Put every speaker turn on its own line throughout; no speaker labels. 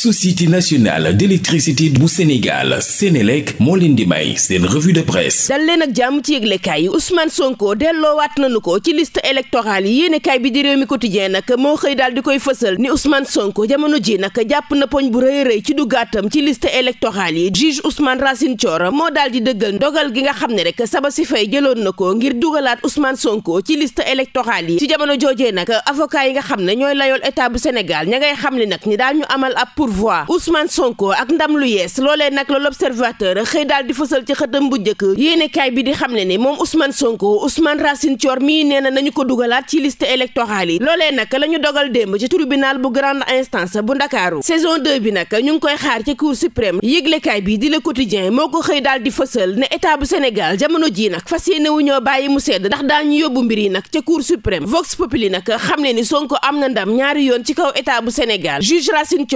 société nationale d'électricité bu Sénégal Sénélec moo leen di may seen revue de presse dal leen ak jàmm ci yëglekaay yi Ousmane Sonko delloowaat nañu ko ci liste électorale yi yéenekaay bi di réew mi quotidien nag moo xëy daal di koy fësal ni Ousmane Sonko jamono ji nag jàpp na poñ bu rëy rëy ci dugaatam ci liste électorale yi juge Ousmane Racine Thior moo daal di dëggal dogal gi nga xam ne rek saba si fay jëloon na ko ngir dugalaat Ousmane Sonko ci liste électorale yi ci jamono joojee nag avocat yi nga xam ne ñooy layool état bu Sénégal pourvoi Ousmane Sonko ak ndam lu yees loolee nag la l'observateur xëy daal di fësal ci xëtam bu njëkk yéenekaay bi di xam ne ni moom Ousmane Sonko Ousmane Racine Thior mii nee na nañu ko dugalaat ci list électorale yi loolee nag la ñu dogal démb ci tribunal bu grande instance bu Ndakaaru saison 2 bi nag ñu ngi koy xaar ci cour suprême yëglekaay bi di Le Quotidien moo ko xëy daal di fësal ne état bu Sénégal jamono ji nag fa yéene wu bàyyi mu sedd ndax daañu yóbbu mbir yi nag ca cour suprême Vox Populi nag xam ne ni Sonko am na ndam ñaari yoon ci kaw état bu Sénégal juge Racine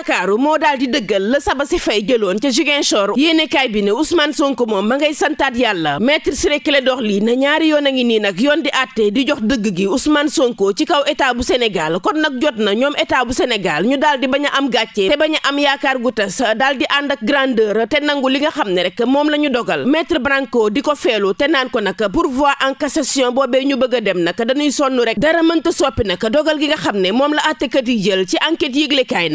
ndakaaru moo daal di dëggal la saba si fay jëloon ca Ziguinchor yéenekaay bi ne Ousmane Sonko moom ma ngay santaat yàlla maître Ciré Clédor Ly na ñaari yoon a ngi nii nag yoon di àtte di jox dëgg gi Ousmane Sonko ci kaw état bu Sénégal kon nag jot na ñoom état bu Sénégal ñu daal di bañ a am gàcce te bañ a am yaakaar gu tas daal di ànd ak grandeur te nangu li nga xam ne rek moom la ñu dogal maître Branco di ko feelu te naan ko nag pourvoi en cassation boobee ñu bëgg dem nag dañuy sonn rek dara mënta soppi nag dogal gi nga xam ne moom la àttekat yi ci enquête yëglekaay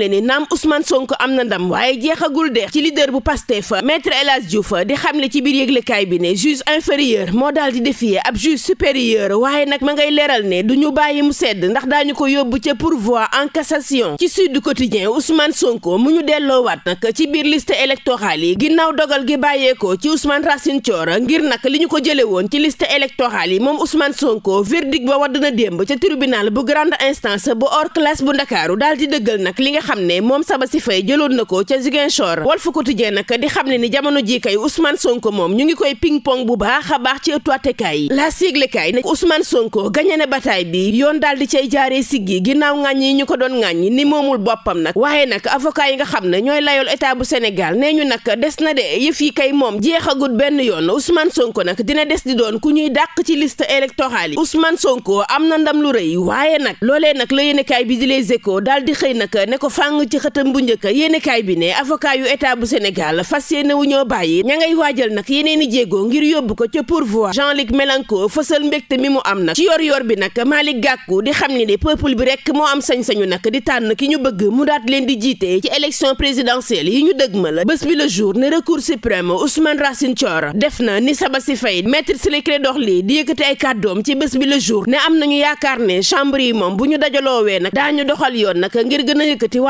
xamle ni naam Ousmane Sonko am na ndam waaye jeexagul de ci leader bu Pastef maître El Hadj Diouf di xamle ci biir yëglekaay bi ne juge inférieur moo daal di défier ab juge supérieur waaye nag ma ngay leeral ne du ñu bàyyi mu sedd ndax daañu ko yóbbu ca pourvoi en cassation ci Sud Quotidien Ousmane Sonko mu ñu delloowaat nag ci biir list électorale yi ginnaaw dogal gi bàyyeekoo ci Ousmane Racine Thior ngir nag li ñu ko jëlee woon ci list électorale yi moom Ousmane Sonko verdict ba wadd na démb ca tribunal bu grande instance bu hors classe bu Ndakaaru daal di xam ne moom Sabassy Faye jëloon na ko ca Ziguinchor Walf Quotidien nag di xam ne ni jamono ji kay Ousmane Sonko moom ñu ngi koy ping pong bu baax a baax ci ëttu yi la siglekaay ne Ousmane Sonko gañe na bataay bi yoon daal di cay jaaree siggi ginnaaw ŋàññ yi ñu ko doon ŋàññ ni moomul boppam nag waaye nag avocat yi nga xam ne ñooy layool état bu Sénégal nee ñu nag des na de yëf yi kay moom jeexagut benn yoon Ousmane Sonko nag dina des di doon ku ñuy dàq ci liste électorale yi Ousmane Sonko am na ndam lu rëy waaye nag loolee nag bi di Les Échos daal fàng ci xëtam bu njëkk yéenekaay bi ne avocat yu état bu Sénégal fas yéene wu ñoo bàyyi ña waajal nag yeneen i ngir yóbbu ko ca pourvoi Jean-Luc Mélenchon fësal mbégte mi mu am nag ci yor yor bi nag Malick Gakou di xam ne ni peuple bi rek moo am sañ-sañu nag di tànn ki ñu bëgg mu daat leen di jiite ci élection présidentielle yi ñu dëgmal bés bi le jour ne recours suprême Ousmane Racine Thior def na ni Sabasy Faye maître Ciré Clédor Ly di yëkkati ci bés bi le jour ne am nañu yaakaar ne chambre yi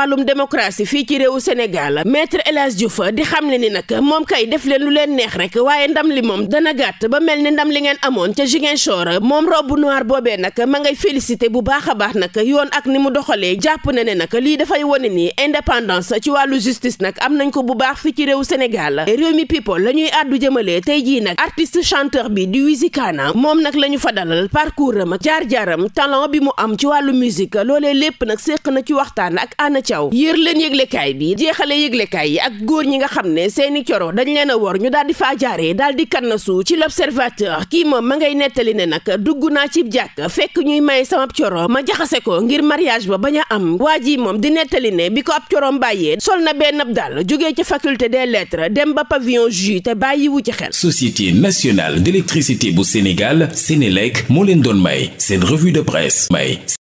a wàllum démocratie fii ci réewu Sénégal maître El Hadj Diouf di xam ne ni nag moom kay def leen lu leen neex rek waaye ndam li moom dana gàtt ba mel ni ndam li ngeen amoon ca Ziguinchor moom robe noire boobee nag ma ngay félicité bu baax a baax nag yoon ak ni mu doxalee jàpp na ne nag lii dafay wane ni indépendance ci wàllu justice nag am nañ ko bu baax fii ci réewu Sénégal réew mi people la ñuy àddu jëmale tey jii nag artiste chanteur bi di Wizi Kana moom la ñu fa dalal parcours am ak jaar-jaaram talent bi mu am ci wàllu musique loolee lépp nag séq Thiaw yër leen yéglekaay bi jeexale yëglekaay yi ak góor ñi nga xam ne seeni coro dañu leen a war ñu daal di faa jaaree daal di kannasu ci l'observateur kii moom ma ngay nettali ne nag dugg naa ci jàkk fekk ñuy may sama coro ma jaxase ko ngir mariage ba bañ a am waa ji moom di nettali ne bi ko ab corom bàyyee sol na benn dal jóge ca faculté des lettres dem ba pavillon ju te bàyyiwu ci xel société nationale d'électricité bu Sénégal Sénélec moo leen doon may seen revue de presse